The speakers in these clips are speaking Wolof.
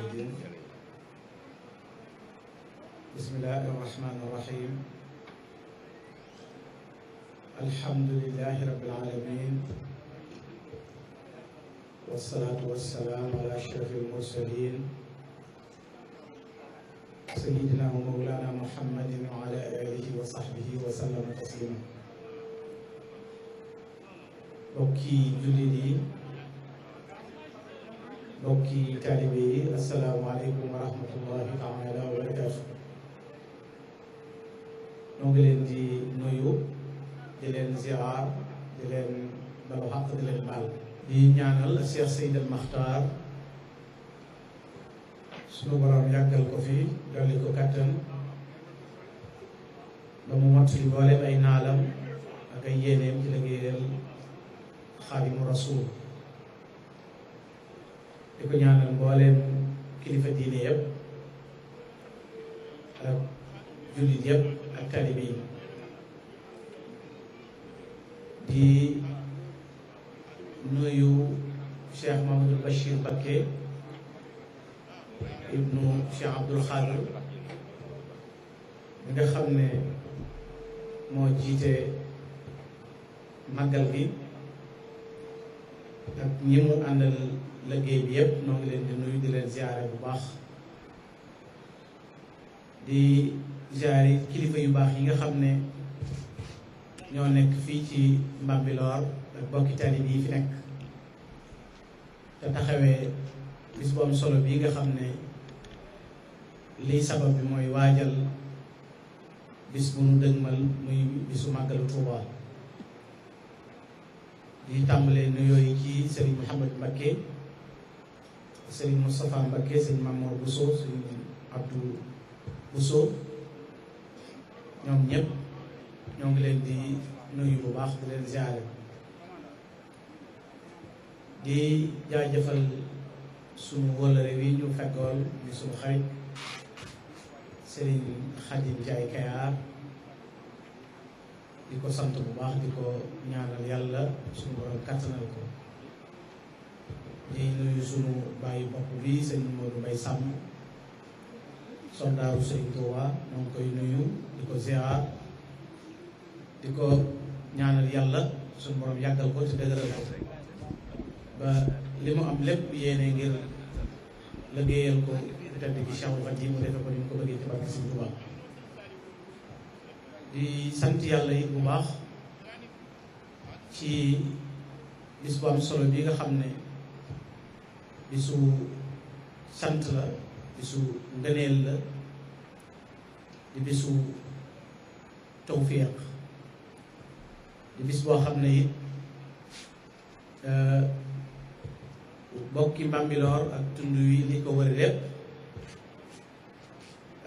الرجيم بسم الله الرحمن الرحيم الحمد لله رب العالمين والصلاة والسلام على أشرف المرسلين سيدنا ومولانا محمد وعلى آله وصحبه وسلم تسليما بكي جلدي لوك تعلمي السلام عليكم ورحمة الله تعالى وبركاته نقولن دي نيو دلنا زيار دلنا بالحق دلنا المال دي نانال السياسي المختار سنو برام يعقل كفي قال لكو كاتن بمو ماتلي بالي بين عالم بولم كلفة دينية جلد يب التالبين دي نيو شيخ محمد البشير بكي ابن شيخ عبد الخالق ميغا خامني مو جيتي ماغال بي ak ñimu andal liggéey bi yëpp ñoo ngi leen di nuyu di leen ziare bu baax di ziare kilifa yu baax yi nga xam ne ñoo nekk fii ci Mbambilor ak bokki talib yi fi nekk te bis bu am solo bii nga xam ne liy sabab bi mooy waajal bis bu nu dëgmal muy bisu màggalu Tuubaa di tàmbalee nuyoo yi ci Serigne Mouhamed Mbacké sëriñ Moustapha Mbacké sëriñ Mamour Bousso sëriñ Abdou Bousso ñoom ñëpp ñoo ngi leen di nuyu bu baax di leen ziare di jaajëfal suñu wóllare wi ñu feggool ñu suñu xarit sëriñ Xadim Jaay Kayaar di ko sant bu baax di ko ñaanal yàlla suñu borom kattanal ko di nuyu sunu bàyyi bopp bi sëñ Modou Mbaye Sàmm soldaaru sëñ Touba ñoo ngi koy nuyu di ko ziar di ko ñaanal yàlla sunu borom yàggal ko te dëgëral ko ba li mu am lépp yéene ngir liggéeyal ko tedd gi Cheikhul Khadim mu defe ko ni mu ko bëggee ci barke sëñ Touba di sant yàlla yi bu baax ci bis solo bi nga xam ne bisu sant la bisu ngëneel la di bisu tawfiq di bis boo xam ne it euh, bokki Bambilor ak tund wi li ko wër lépp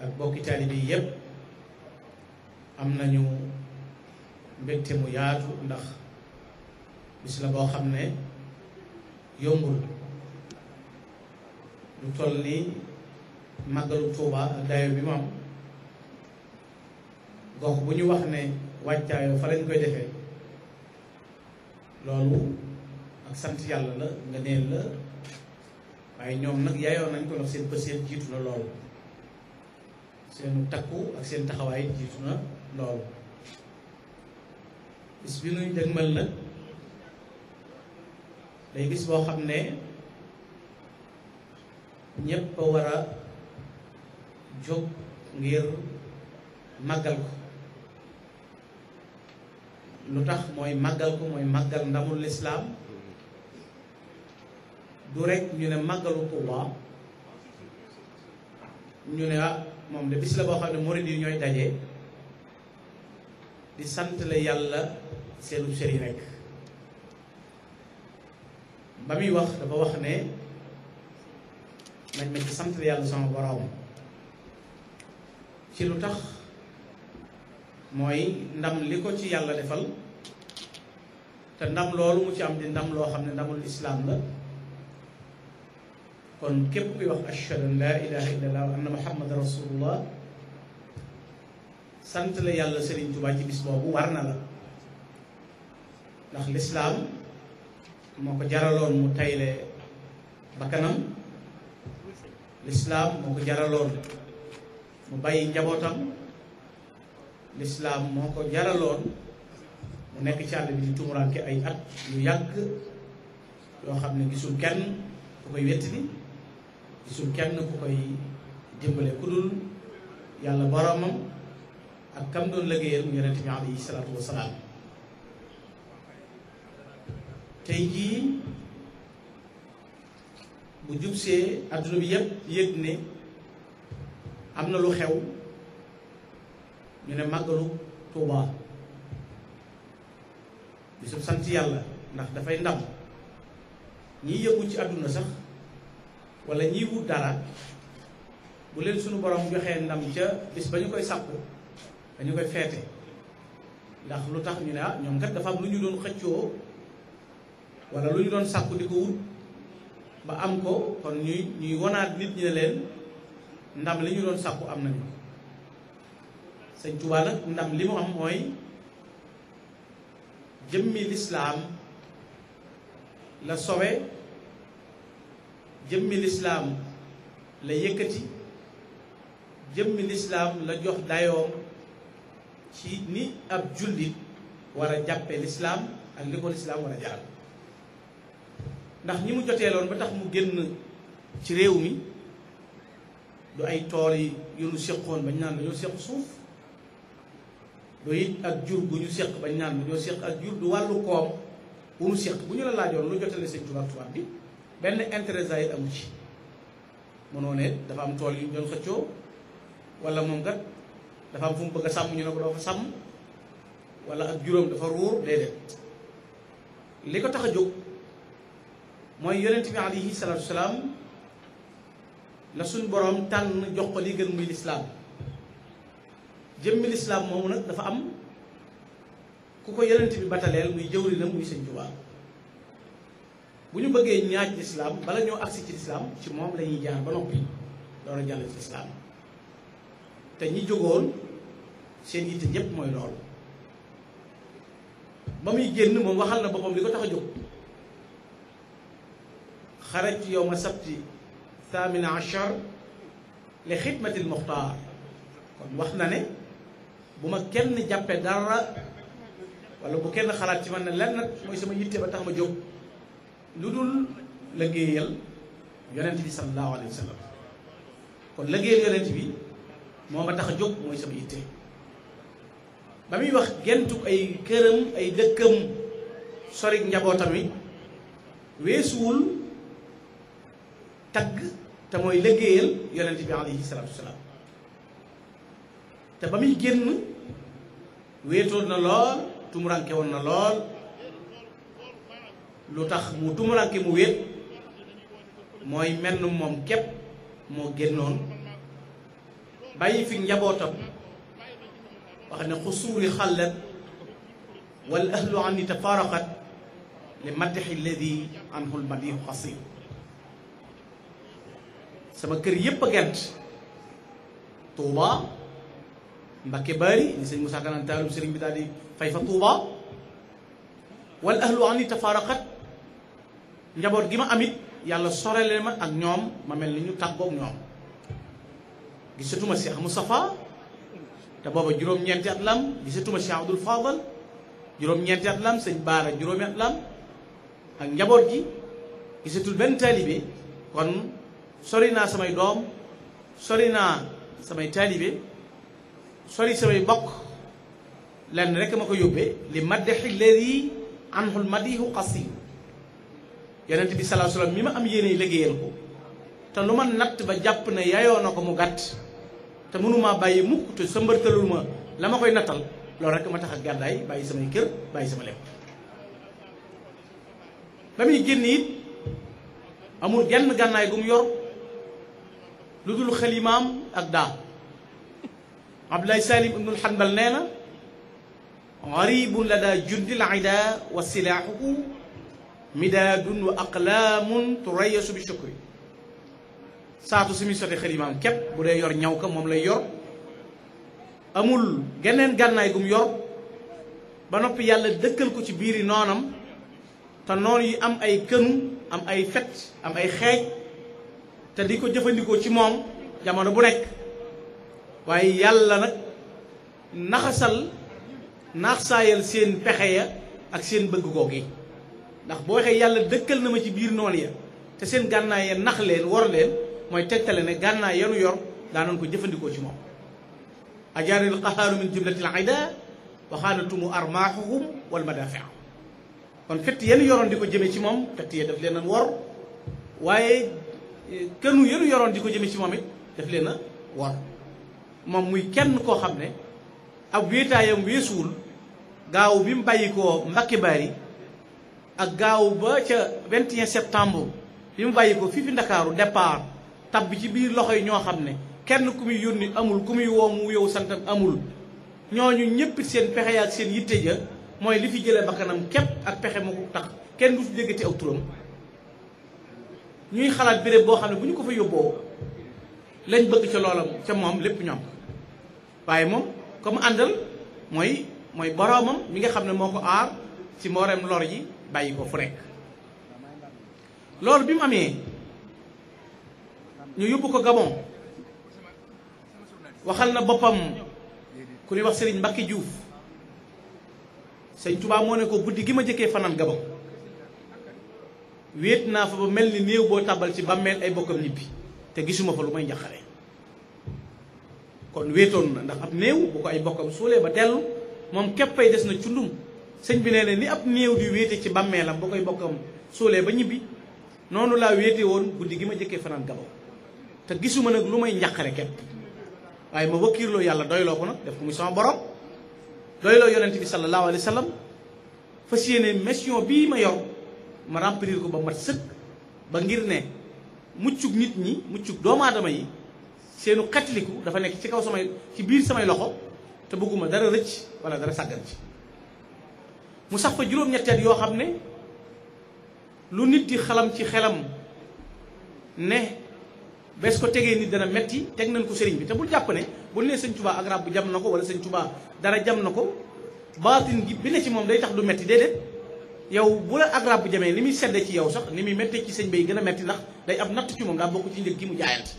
ak bokki taalibe yi yépp am nañu mbégte mu yaatu ndax bis la boo xam ne yombul lu toll nii màggalu Tuuba ak dayo bi mu am gox bu ñu wax ne wàccaayoo fa lañ koy defee loolu ak sant yàlla la nga neel la waaye ñoom nag yaayoon nañ ko ndax seen pëseet jiitu na loolu seenu takku ak seen taxawaay jiitu na loolu bis bi nuy dëgmal nag day bis boo xam ne ñépp war a jóg ngir màggal ko lu tax mooy màggal ko mooy màggal ndamul lislaam du rek ñu ne màggalu Tuubaa ñu ne ah moom de bis la boo xam ne murid yi ñooy daje di sant yàlla seenu sëriñ rek ba muy wax dafa wax ne nañ ma ci sant yàlla sama borom ci lu tax mooy ndam li ko ci yàlla defal te ndam loolu mu ci am di ndam loo xam ne ndamul islaam la kon képp kuy wax ashhadu an laa ilaha illallah anna muhammad rasulullah sant la yàlla Serigne Touba ci bis boobu war na la ndax lislaam moo ko jaraloon mu tayle bakkanam lislaam moo ko jaraloon mu bàyyi njabootam lislaam moo ko jaraloon mu nekk ci bi di tumuraanke ay at yu yàgg yoo xam ne gisul kenn ku koy wettali gisul kenn ku koy dimbale ku dul yàlla boromam ak kam doon liggéeyal mu yonente bi alayhi salaatu wasalaam tey jii bu jubsee adduna bi yépp yëg ne am na lu xew ñu ne màggalu Tuubaa bisub sant yàlla ndax dafay ndam ñii yëngu ci àdduna sax wala ñiy wut dara bu leen sunu borom joxee ndam ca bis ba ñu koy sàkku dañu koy feete ndax lu tax ñu ne ah ñoom kat dafa am lu ñu doon xëccoo wala lu ñu doon sàkku di ko wut ba am ko kon ñuy ñuy wonaat nit ñi ne leen ndam li ñu doon sàkku am nañu sëñ Tuubaa nag ndam li mu am mooy jëmmi lislaam la sowe jëmmi lislaam la yëkkati jëmmi lislaam la jox dayoom ci ni ab jullit war a jàppe lislaam ak li ko lislaam war a jaral ndax ñi mu joteeloon ba tax mu génn ci réew mi du ay tool yi yu ñu séqoon bañ naan dañoo séq suuf du it ak jur bu ñu séq bañ naan dañoo séq ak jur du wàllu koom bu ñu séq bu ñu la laajoon lu jotale sëñ tubaab tubaab bi benn intérêt yi amu ci mënoo ne dafa am tool yu ñu doon xëccoo wala moom kat dafa am fu mu bëgg a sàmm ñu ne ko doo fa sàmm wala ak juróom dafa ruur déedéet li ko tax a jóg mooy yonent bi alayhi salaam la suñ boroom tànn jox ko li gën muy lislaam jëmmi lislaam moomu nag dafa am ku ko yonent bi bataleel muy jëwrinam muy sëñ Tuubaa bu ñu bëggee ñaaj lislaam bala ñoo agsi ci lislaam ci moom lañuy jaar ba noppi door jàll ci lislaam te ñi jógoon seen yitte ñépp mooy loolu ba muy génn moom waxal na boppam li ko tax a jóg خرجت يوم السبت الثامن عشر لخدمة المختار kon wax na ne bu ma kenn jàppee dara wala bu kenn xalaat ci man ne lenn mooy sama yitte ba tax ma jóg lu dul liggéeyal yonent bi sallallahu alayhi wa sallam kon liggéeyal yonent bi moo ma tax a jóg mooy sama yitte ba muy wax gentuk ay këram ay dëkkam sorik njabootam wi weesuwul tagg te mooy liggéeyal yonent bi alayhi salaatu wasalaam te ba muy génn wéetoon na lool tumuranke woon na lool lu tax mu tumuranke mu wéet mooy menn moom képp moo génnoon bàyyi fi njabootam wax ne xusuuri xallat wal ahlu an tafaaraqat li madixi alladi anhu lmadixu xasib sama kër yépp a gent Touba Mbakke Bari ni sëñ Moussa Kanaan taalum sëriñ bi daal di fay fa Touba wal ahlu ani tafaraqat njaboot gi ma amit yàlla sorele ma ak ñoom ma mel ni ñu tàggoog ñoom gisatuma Cheikh Moustapha te booba juróom-ñeenti at lam gisatuma Cheikh Abdoul Fadal juróom-ñeenti at lam sëñ Baara juróomi at lam ak njaboot gi gisatul benn taalibe sori na samay dom, sori na samay talibé sori samay bok lenn rek mako yobé li madhi ladi anhu lmadihu qasim yonent bi salaa salaam mi ma am yene liggéeyal ko ta luma nat ba japp ne yayo nako mu gàtt ta munuma baye mukk te sa lama koy natal lo rek ma tax gaday baye samay kër sama lepp ba muy génn amul genn gannaay gum yor lu dul xalimaam ak daam abdulay salim ibnul xanbal nee na garibun la daa jundil ida wa silaahuhu midaadun wa aqlaamun turayasu bi shukri saatu si muy sote xalimaam képp bu dee yor ñaw ka moom lay yor amul geneen gànnaay gum yor ba noppi yàlla dëkkal ko ci biiri noonam te noon yi am ay kënu am ay fet am ay xeej te di ko jëfandikoo ci moom jamono bu nekk waaye yàlla nag naxasal naaxsaayal seen pexe ya ak seen bëgg goog yi ndax boo waxee yàlla dëkkal na ma ci biir noon ya te seen gànnaay ya nax leen war leen mooy tegtale ne gànnaay yanu yor daanoon ko jëfandikoo ci moom ajaanil qaxaaru min jumlatil ida waxaanatumu armaaxuhum wal madafia kon fett yan yoroon di ko jëmee ci moom fett ya daf leen wor waaye kënu yënu yoroon di ko jëme ci moom it daf leen moom muy kenn koo xam ne ab wéetaayam weesuwul gaaw bi mu bàyyi koo mbakki baari ak gaaw ba ca 21 septembre bi mu bàyyi ko fii fi ndakaaru départ tab ci biir loxo yi ñoo xam ne kenn ku muy yónni amul ku muy woo mu yow santam amul ñooñu ñëpp seen pexe ak seen yitte ja mooy li fi jëlee bakkanam képp ak pexe mu ko tax kenn du fi déggati aw turam ñuy xalaat béréb boo xam ne bu ñu ko fa yóbboo lañ bëgg ca loolam ca moom lépp ñoom waaye moom comme àndal mooy mooy boroomam mi nga xam ne moo ko aar ci mboolem lor yi bàyyi ko fu nekk loolu bi mu amee ñu yóbbu ko Gabon waxal na boppam ku nuy wax Serigne Mbacke Diouf sëñ Touba moo ne ko guddi gi ma jëkkee fanaan Gabon wéet naa fa ba mel ni néew boo tàbbal ci bàmmeel ay bokkam ñibbi te gisuma fa lu may njaqare kon wéetoon na ndax ab néew bu ko ay bokkam suulee ba dellu moom képpay des na cundum sëñ bi nee na ni ab néew di wéete ci bàmmeelam bu koy bokkam soolee ba ñibbi noonu laa wéete woon guddi gi ma jëkkee fanaan gabaw te gisuma nag lu may njaqare képp waaye ma wakkiirloo yàlla doyloo ko nag def ko muy sama borom doyloo yonent bi sallallahu alayhi wa sallam fas yéene mission bii ma yor ma remplir ko ba mat sëkk ba ngir ne muccu nit ñi muccu doomu aadama yi seenu xetliku dafa nekk ci kaw samay ci biir samay loxo te bëgguma dara rëcc wala dara sàggan ci mu sax fa juróom-ñetti at yoo xam ne lu nit di xalam ci xelam ne bes ko tegee nit dana metti teg nañ ko sëriñ bi te bul jàpp ne bu ne sëñ tubaa ak rab bu jam na ko wala sëñ Tuubaa dara jam na ko baatin gi bi ne ci moom day tax du metti déedéet yow bu la ak rab bu jamee li muy seddee ci yow sax ni muy méttee ci sëñ bay gën a métti ndax day am natt ci moom daa bokk ci njëg gi mu jaayante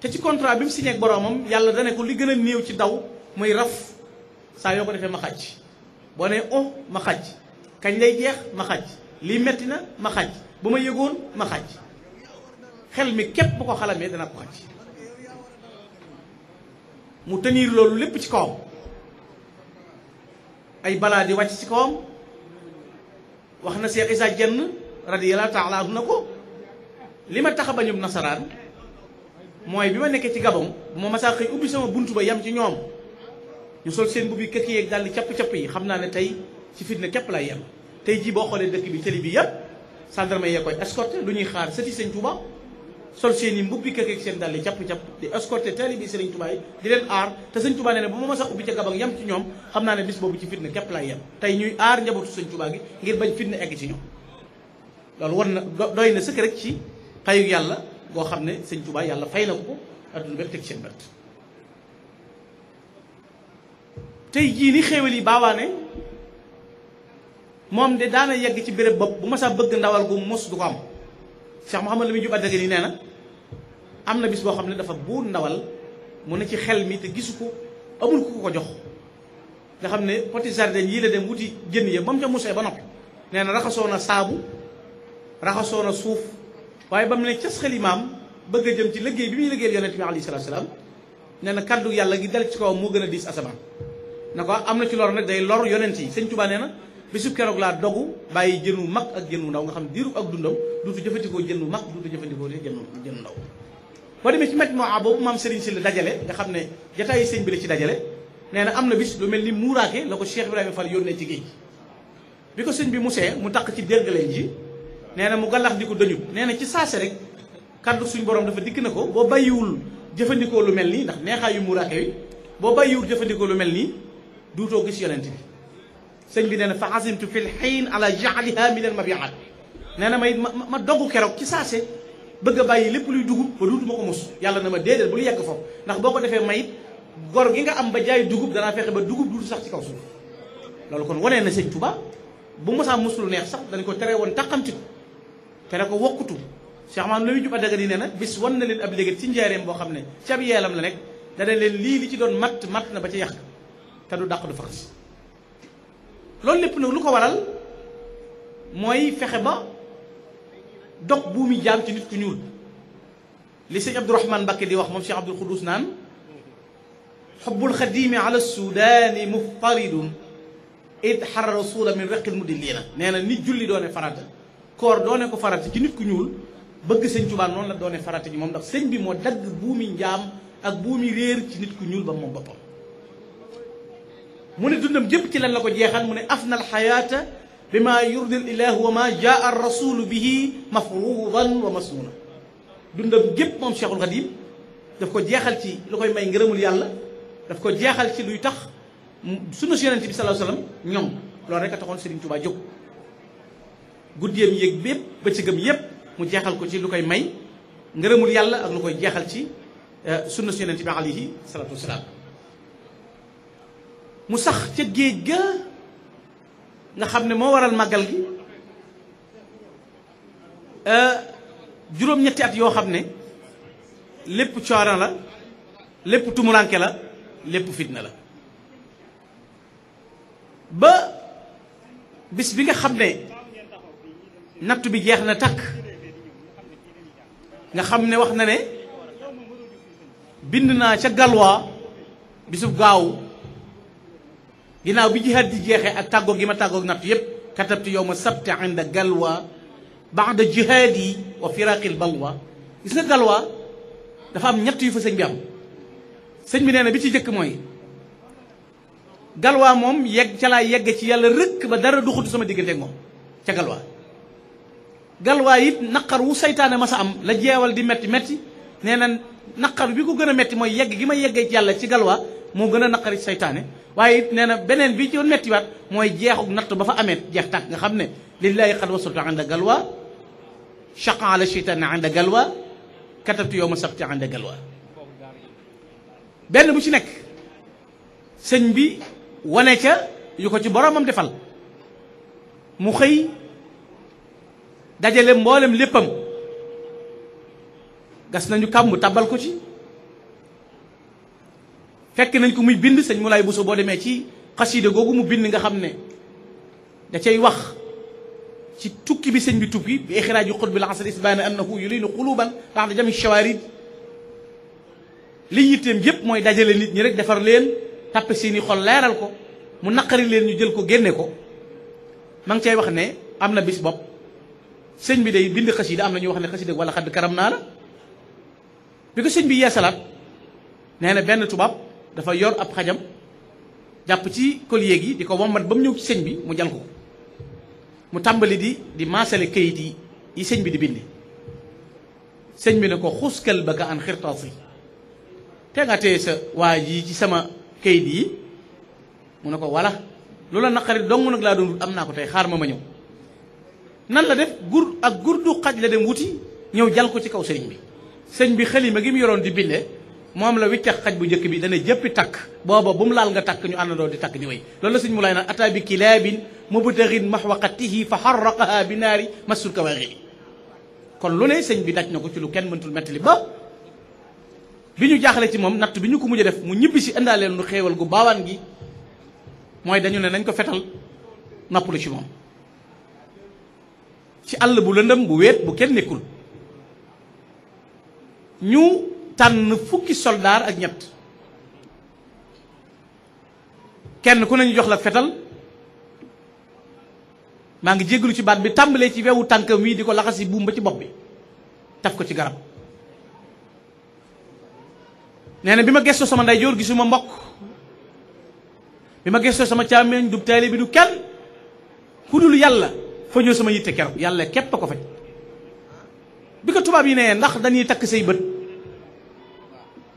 te ci contrat bi mu signé boroomam yàlla dana ko li gën a néew ci daw muy raf saa yoo ko defee ma xaj boo nee on oh, ma xaj kañ lay jeex ma xaj lii metti na ma xaj bu ma yëgoon ma xaj xel mi képp bu ko xalamee dana ko xaj mu tenir loolu lépp ci kawam ay balaa di wàcc ci kawam wax na Cheikh Issa Dieng radiyallahu taala anhu na ko li ma tax a bañub nasaraan mooy bi ma nekkee ci Gabon bu ma masaa xëy ubbi sama buntu ba yam ci ñoom ñu sol seen mbubb yi kër yeeg daal capp-capp yi xam naa ne tey ci fitna képp lay yem tey jii boo xoolee dëkk bi tëli bi yëpp gendarme yee koy escorté lu ñuy xaar sëti seen Tuuba sol seen yi mbubbi kër ak seen dàll yi capp-capp di escorté taalibe yi Sëriñ Tuubaa di leen aar te Sëriñ Tuubaa nee ne bu ma ma sax ubbi ca gabang yam ci ñoom xam naa ne bis boobu ci fitna képp laay yem tey ñuy aar njabootu Sëriñ Tuubaa gi ngir bañ fitna egg ci ñoom loolu war na doy na sëkk rek ci payu yàlla goo xam ne Sëriñ Tuubaa yàlla fay na ko adduna bépp seen bët tey jii ni xéewal yi baawaane moom de daana yegg ci béréb bopp bu ma sa bëgg ndawal gu mos du ko am Cheikh Mouhamadou Lamine Diop Atta nee na am na bis boo xam ne dafa buur ndawal mu ne ci xel mi te gisu ko amul ku ko jox nga xam ne poti jardin yii la dem wuti jën ya ba mu ca musee ba noppi nee na raxasoo na saabu raxasoo na suuf waaye ba mu ne cas maam bëgg a jëm ci liggéey bi muy liggéeyal yonent bi alayhi salaatu salaam nee na kaddu yàlla gi dal ci kaw moo gën a diis asamaan na ko am na ci lor nag day lor yonent yi sëñ Tuubaa nee na bisub keroog laa dogu bàyyi jën wu mag ak jën wu ndaw nga xam diiru ak dundam duutu jëfandikoo jën wu mag duutu jëfandikoo jën ndaw boo demee ci majmuwaa boobu maam Serigne si la dajale nga xam ne jataayu sëñ bi la ci dajale nee na am na bis lu mel ni muuraake la ko Cheikh Ibrahima Fall yónnee ci géej gi bi ko sëñ bi musee mu takk ci dérgaleen ji nee na mu gàllax di ko nee na ci saase rek kàddu suñu borom dafa dikk na ko boo bàyyiwul jëfandikoo lu mel nii ndax neexaayu muuraake wi boo bàyyiwul jëfandikoo lu mel nii duutoo gis yonent bi sëñ bi nee na fa azimtu fil xiin ala jaaliha minal mabiat nee na may ma ma dogg keroog ci saase bëgg a bàyyi lépp luy dugub ba duutuma ko mus yalla na ma déedéet bul yegg foofu ndax boo ko defee mayit gor gi nga am ba jaay dugub danaa fexé ba dugub duutu sax ci kaw suuf lolu kon woné na sëñ touba bu mosaa musul neex sax dañ ko téré won takamti téré ko wokkutu Cheikh Maam Lamin Jóob Dagana nee na bis won na leen ab léegi ci njaareem bo xamné ci ab yélam la nekk dana leen lii li ci doon mat mat na ba ci yàq ta du dakk du fax lolu lepp nak lu ko waral moy fexe ba dog buumi jam ci nit ku ñuul li seigne abdou rahman bakki di wax mom Cheikh abdou Khoudous nan hubul khadim ala sudan muftaridun id xara rasul min raqil mudillina neena nit julli doone farata koor doone ko farata ci nit ku ñuul bëgg seigne touba non la doone farata ji mom ndax seigne bi moo dagg buumi jam ak buumi réer ci nit ku ñuul ba mom bopam mu ne dundam jëpp ci lan la ko jéxal mu ne afna alxayaata بما يرضي الاله وما جاء الرسول به مفروضا ومسنونا دوندم جيب موم شيخ القديم دافكو جيخال سي لوكاي ماي غيرمول يالا دافكو جيخال سي لوي تخ سونو سيرنتي بي صلى الله عليه وسلم نيوم لول ريكا تخون سيرن توبا جوك غوديام ييك بيب بيتي گم ييب مو جيخال كو سي لوكاي ماي غيرمول يالا اك لوكاي جيخال سي سونو سيرنتي بي عليه الصلاه والسلام مسخ تي گيج nga xam ne moo waral màggal gi euh, juróom-ñetti at yoo xam ne lépp coona la lépp tumuranke la lépp fitna la ba bis bi nga xam ne nattu bi jeex na takk nga xam ne wax na ne bind naa ca galwaa bisub gaaw ginnaaw bi jihaad di jeexee ak tàggoo gi ma tàggoog natt yépp katabtu yow ma sabti inda galwa baada jihaad yi wa firaqil balwa gis nga galwa dafa am ñett yu fa sëñ bi am sëñ bi nee na bi ci jëkk mooy galwa moom yegg ca laa yegg ci yàlla rëkk ba dara du xutu sama diggante ak moom ca galwa galwa it naqar wu saytaane ma sa am la jeewal di metti metti nee na naqar bi ko gën a metti mooy yegg gi ma yegg ci yàlla ci galwa moo gën a naqari seytaane waaye it nee na beneen bi ci doon méttiwaat mooy jeexug natt ba fa amee jeex tàkk nga xam ne lillahi qad wasultu ànda galwa chaqa ala cheytaan ànda galwa katabtu yow ma sabti ànda galwa benn bu ci nekk sëñ bi wane ca yu ko ci boromam defal mu xëy dajale mboolem léppam gas nañu kàmb tabal ko ci fekke nañ ko muy bind sëñ Moulay Bousso bo démé ci xasida gogou mu bind nga xamné da cey wax ci tukki bi sëñ bi tukki bi ikhraju xut bi laxasal isbaana annahu yulin quluban tax da jami shawarid li yitem yep moy dajale nit ñi rek defar leen tappe seeni xol leral ko mu nakari leen ñu jël ko génne ko ma ngi cey wax ne amna bis bop sëñ bi day bind xasida amna ñu wax ne xasida wala khad karam naa la bi ko sëñ bi yeesalaat nee na benn tubaab dafa yor ab xajam japp ci collier gi di ko bam ñew ci señ bi mu ko mu tambali di di masale kayit yi señ bi di bindi señ bi ne ko an khirtasi te nga tee sa waa ci sama kayit yi mu ne ko wala lula nakari dong nak la doon amna ko tay xaar ma ma nan la def gur ak gurdu xaj la dem wuti ñew jal ko ci kaw señ bi señ bi xalima gi mu yoron di bindé moom la wiccax xaj bu njëkk bi dana jëppi takk booba bu mu laal nga tàkk ñu àndandoo di takk di way loolu la suñ mu laay naan ata bi kilaabin mubtarin maxwaqatihi fa xarraqaha bi naari masul kawaari kon lu ne sëñ bi daj na ko ci lu kenn mëntul mettali ba bi ñu jaaxle ci moom natt bi ñu ko mujj def mu ñibbi si indaaleen lu xéewal gu baawaan gi mooy dañu ne nañ ko fetal noppalu ci moom ci àll bu lëndëm bu wéet bu kenn nekkul ñu tànn fukki soldaar ak ñett kenn ku nañu jox la fetal maa ngi jéggalu ci baat bi tàmbalee ci wewu tànkam wii di ko laxasi yi buum ba ci bopp bi taf ko ci garab nee na bi ma gestoo sama ndeyjoor gisuma mbokk bi ma gestoo sama càmmeñ du taali bi du kenn ku dul yàlla fa ñoo sama yitte keroog yàlla képp a ko faj bi ko tubaab yi nee ndax dañuy takk say bët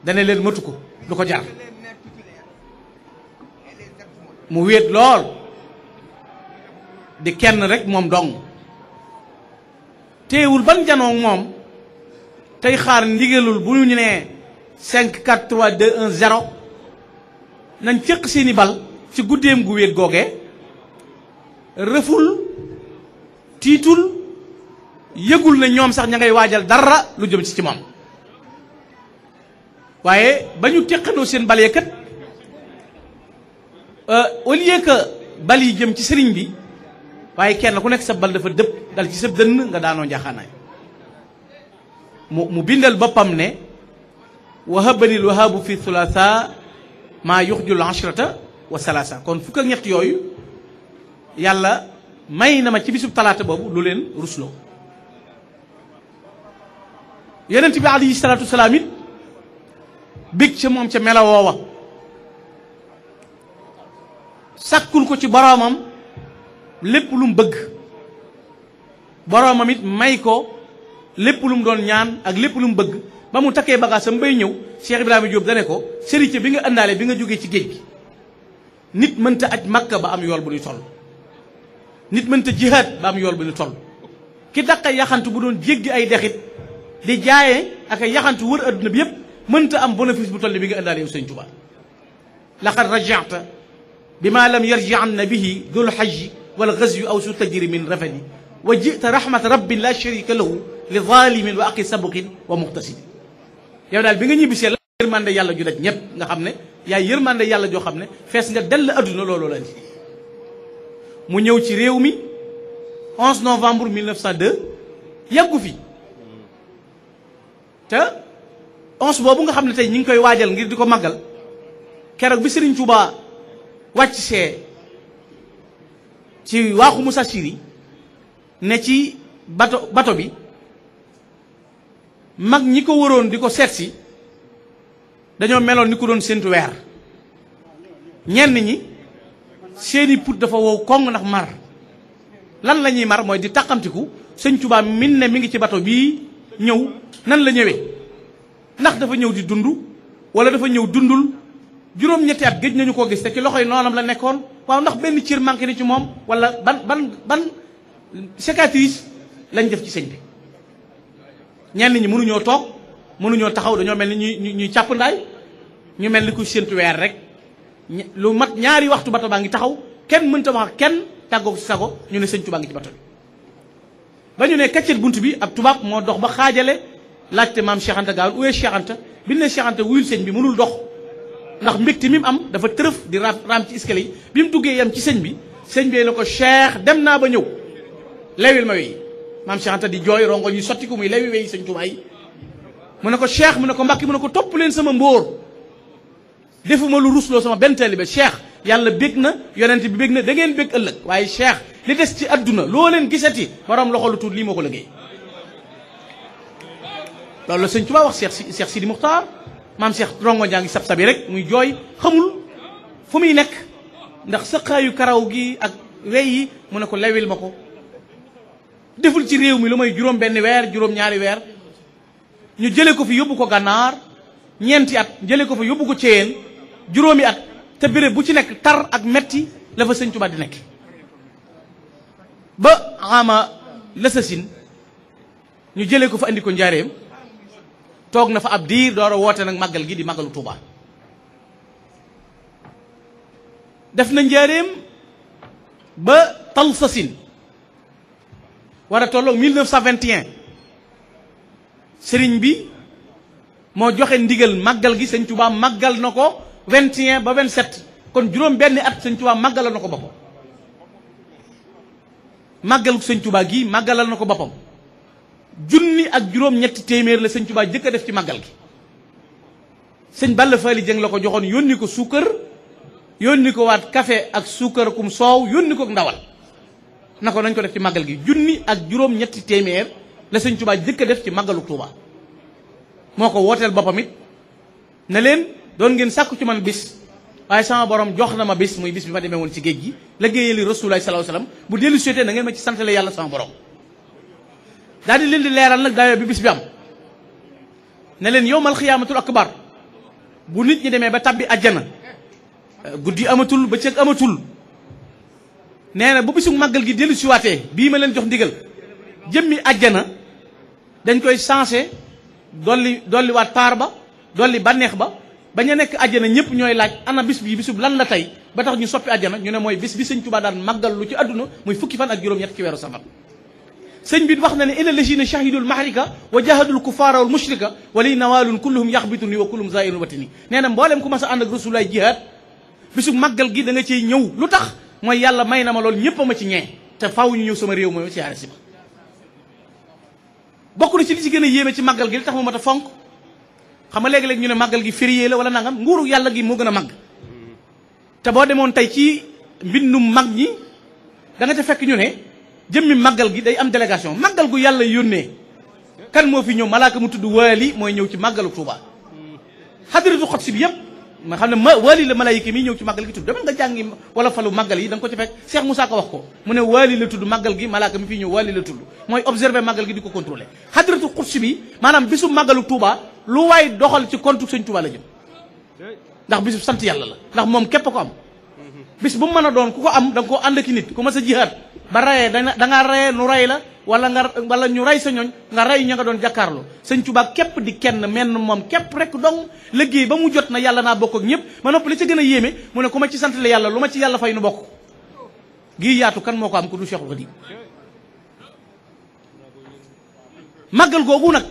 dana leen matu ko du ko jar mu wéet lool di kenn rek moom dong téewul ban janoo moom tey xaar ndigalul bu ñu nee 5 4 3 2 1 0 nañ fekk seeni bal ci guddeem gu wéet googee rëful tiitul yëgul na ñoom sax ña ngay waajal dara lu jëm ci ci moom waaye ba ñu teqanoo seen bale kat euh, au lieu que bal yi jëm ci sëriñ bi waaye kenn ku nekk sa bal dafa dëpp dal ci sa dënn nga daanoo njaxaanaay mu mu bindal boppam ne wahabanil wahabu fi thulaasa maa yuxjul ashrata wa salaasa kon fukk ak ñett yooyu yàlla may na ma ci bisu talaata boobu lu leen rusloo yonent bi alayhi salaatu bég ca moom ca melawoo wa sàkkul ko ci boroomam lépp lu mu bëgg boroomam it may ko lépp lu mu doon ñaan ak lépp lu mu bëgg ba mu takkee bagaasam bay ñëw Cheikh Ibrahima Diop dane ko sëriñ bi nga àndaale bi nga jógee ci géej gi nit mënta aj makka ba am yool bu ñu toll nit mënta jihaad ba am yool bu ñu toll ki daq yaxantu bu doon jéggi ay dexit di jaaye ak yaxantu wër adduna bi yépp منت أم بنفس بطل بيجا إلا ليه سين جبال لقد رجعت بما لم يرجع النبي ذو الحج والغزو أو ستجري من رفلي وجئت رحمة رب لا شريك له لظالم وأقي سبق ومقتصد يا دال بيغني بيسي لا يرمان دي يالا جودت نيب نغا خامني يا يرمان دي يالا جو خامني فاس نغا دال ادنا لولو لا دي مو نيو تي ريومي 11 نوفمبر 1902 يغو في تا ons bobu nga xamne tay ñing koy waajal ngir diko magal kérok bi Serigne Touba wacc sé ci musa siri ne ci bato bato bi mag ñiko woron diko di ko seet ni ku doon sentu wer ñenn ñi seeni put dafa wo kong nak mar lan lañuy mar moy di takamtiku serigne Touba min ne mi ngi ci bato bi ñew nan la ñewé ndax dafa ñëw di dund wala dafa ñëw dundul juróom-ñetti at géej nañu koo gis te ci loxo yi noonam la nekkoon waaw ndax benn ciir manqué ni ci moom wala ban ban ban cicatrice lañ def ci sëñ bi ñenn ñi mënuñoo toog mënuñoo taxaw dañoo mel ni ñuy ñuy càpp ndaay ñu mel ni ku séntu weer rek lu mat ñaari waxtu bato baa ngi taxaw kenn mënta wax ak kenn tàggoo ci sago ñu ne sëñ Tuubaa ngi ci bato bi ba ñu ne kaccet bunt bi ab tubaab moo dox ba xaajale laajte maam Cheikh Anta Gaawal uwee Cheikh bi ne Cheikh Anta wuyul sëñ bi mënul dox ndax mbégte mi mu am dafa tërëf di raam ci escalier yi bi mu duggee yam ci sëñ bi sëñ bee na ko Cheikh dem naa ba ñëw lewil ma wey maam Cheikh di jooy rongo ñu sotti ko muy lewi wey sëñ Tuubaa yi mu ne ko Cheikh mu ne ko Mbàkke mu ne ko topp leen sama mbóor defuma lu rusloo sama benn taalibe Cheikh yàlla bég na yonent bi bég na da ngeen bég ëllëg waaye Cheikh li des ci adduna loo leen gisati borom loxo lu tuut lii moo ko liggéey loolu la touba wax Cheikh Cheikh Sidi mukhtar mam Cheikh rongo jangi sab sabi rek muy joy xamul fumi nek ndax sa xayu karaw gi ak wey yi lewil mako deful ci rew mi lumay jurom ben wer jurom ñaari wer ñu jele ko fi yobbu ko ganar ñenti at jele ko fi yobbu ko cien juromi at te bu ci nek tar ak metti la fa seigne touba di nek. ba ama lësasin ñu jele ko fa andi ko ndiarem tok na fa ab dir do a woote nag gi di magal Touba def na njaareem ba Talsasin wara tolok 1921 serigne bi mo joxe ndigal magal gi serigne Touba magal nako ko 21 ba 27 kon juróom ben at serigne Touba magal nako ko magal màggalu sëñ Touba gi magal nako ko junni ak juróom ñetti téeméer la sëñ Tuubaa jëkk a def ci màggal gi sëñ Balla Faali Jeng la ko joxoon yónni ko suukar yónni ko waat kafe ak suukar kum soow yónni ko ndawal na ko nañ ko def ci màggal gi junni ak juróom ñetti téeméer la sëñ Tuubaa jëkk def ci màggalu Tuubaa moo ko wooteel boppam it ne leen doon ngeen sàkku ci man bis waaye sama borom jox na ma bis muy bis bi ma demee woon ci géej gi liggéeyali Rasulullaahi sallallaahu alayhi wa sallam bu dellu seetee na ngeen ma yàlla sama borom daal di leen di leeral nag daayoo bi bis bi am ne leen yowmal xiyaamatul akbar bu nit ñi demee ba tabbi àjjana guddi amatul ba cëg amatul nee na bu bisu màggal gi dellu siwaatee bii ma leen jox ndigal jëmmi àjjana dañ koy changé dolli dolliwaat taar ba dolli bànneex ba ba ñu nekk àjjana ñëpp ñooy laaj ana bis bi bisub lan la tey ba tax ñu soppi àjjana ñu ne mooy bis bi sëñ Tuubaa daan màggal lu ci àdduna muy fukki fan ak juróom-ñett ci weeru safar sëñ bi wax na ne illa lazina shahidul mahrika wa jahadul kufaara wal mushrika wali nawaalun kulluhum yaxbitu ni wa kullum zairun watini nee na mbooleem ku mas a ànd ak rasulaay jihaad bisu màggal gi da nga ciy ñëw lu tax mooy yàlla may na ma lool ñëpp ma ci ñee te faw ñu ñëw sama réew mooy siyaare si ma bokk na ci li ci gën a yéeme ci màggal gi li tax mu mat a fonk xam nga léegi-léeg ñu ne màggal gi férié la wala nangam nguuru yàlla gi moo gën a màgg te boo demoon tey ci mbindum mag ñi da nga ca ne jëmmi magal gi day am délégation magal gu yalla yonne kan mo fi ñew malaka mu tuddu wali moy ñew ci magal Touba. xadiratu xotsi bi ma xamne wali le malaika mi ñew ci magal gi tuddu dama nga jangi wala falu magal yi dang ko ci fek Cheikh Moussa ko wax ko mu ne wali le tuddu magal gi malaka mi fi ñew wali le tuddu moy observer magal gi diko contrôler hadratu xotsi manam bisu màggalu Touba lu way doxal ci kontu seigne Touba la jëm ndax bisu sante yalla la ndax mom kep ko am bis bu meuna doon am da nit ko ma sa ba rayee dana da ngaa nu ray la wala nga wala ñu ray sa ñooñ nga ray ña nga doon jàkkaarloo sëñ Tuubaa képp di kenn menn moom képp rekk dong liggéey ba mu jot na yàlla naa bokk ak ñëpp ma nopp li ci gën a yéeme mu ne ku ma ci santale yàlla lu ma ci yàlla fay nu bokk gii yaatu kan moo ko am ku du Seexul Xadiim màggal googu nag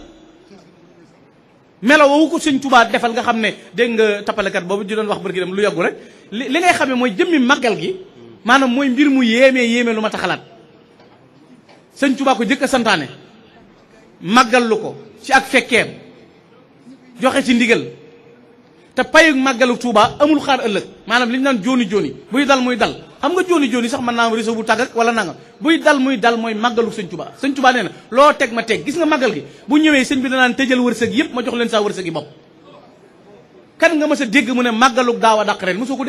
melo ko sëñ Tuubaa defal nga xam ne dégg nga tappalekat boobu di doon wax bërgi dem lu yàggu rek li ngay xamee mooy jëmmi màggal gi maanaam mooy mbir mu yéeme yéeme lu ma ta xalaat sëñ Tuubaa ko jëkk a santaane màggal lu ko ci ak fekkeem joxe ci ndigal te payug màggalu Tuubaa amul xaar ëllëg maanaam li ñu naan jooni jooni buy dal muy dal xam nga jooni jooni sax mën naa am réseau bu tàgg ak wala nanga buy dal muy dal mooy màggalu sëñ Tuubaa sëñ Tuubaa nee na loo teg ma teg gis nga màggal gi bu ñëwee sëñ bi danaan tëjal wërsëg yëpp ma jox leen saa wërsëg yi bopp kan nga mës a dégg mu ne màggalu daaw a dàq ren mosoo ko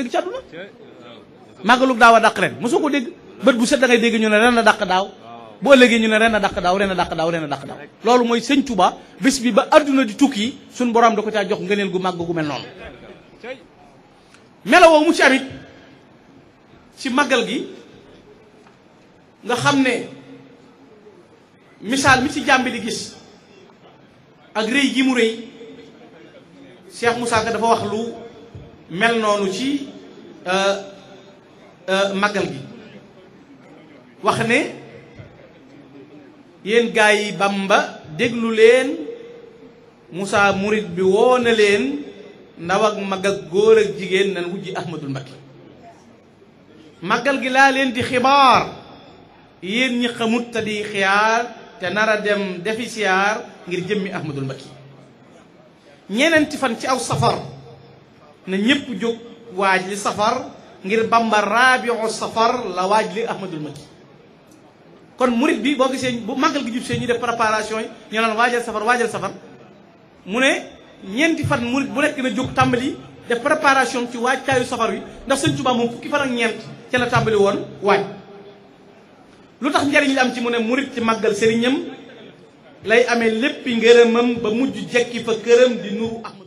màggalug daaw a dàq ren mosoo ko dégg bët bu set da dégg ñu ne ren a dàq daaw bu ëllëgee ñu ne ren a dàq daaw ren a dàq daaw loolu mooy sëñ Touba bés bi ba àdduna di tukki suñu boroom da ko caa jox ngëneel gu màgg gu mel mu ci amit màggal gi nga xam ne misaal mi ci jàmbi di gis ak rëy gi mu rëy Cheikh mu Ka dafa wax lu mel noonu ci euh, Euh, màggal gi wax ne yéen gaa yi Bamba déglu leen Moussa murit bi woo na leen ndaw ak mag ak góor ak jigéen nan wujji Ahmadul Mbacke màggal gi laa leen di xibaar yéen ñi xamut te di xiyaar te nar a dem defi siyaar ngir jëmmi Ahmadul Mbacke ñeneenti fan ci aw safar na ñépp jóg waaj li safar ngir bamba rabiu safar la wajli ahmadul makki kon murit bi bo gisee bu magal gi jub see ñu def préparation ñu lan wajal safar wajal safar mune ne ñeenti fan murit bu nek na juk tambali def préparation ci tayu safar wi ndax sëñ Tuubaa mom fukki fan ak ñent ci la tambali won waj lutax tax am ci mune ne ci màggal sëriñam lay amee léppi ngërëmam ba mujju jekki fa këram di nuru ak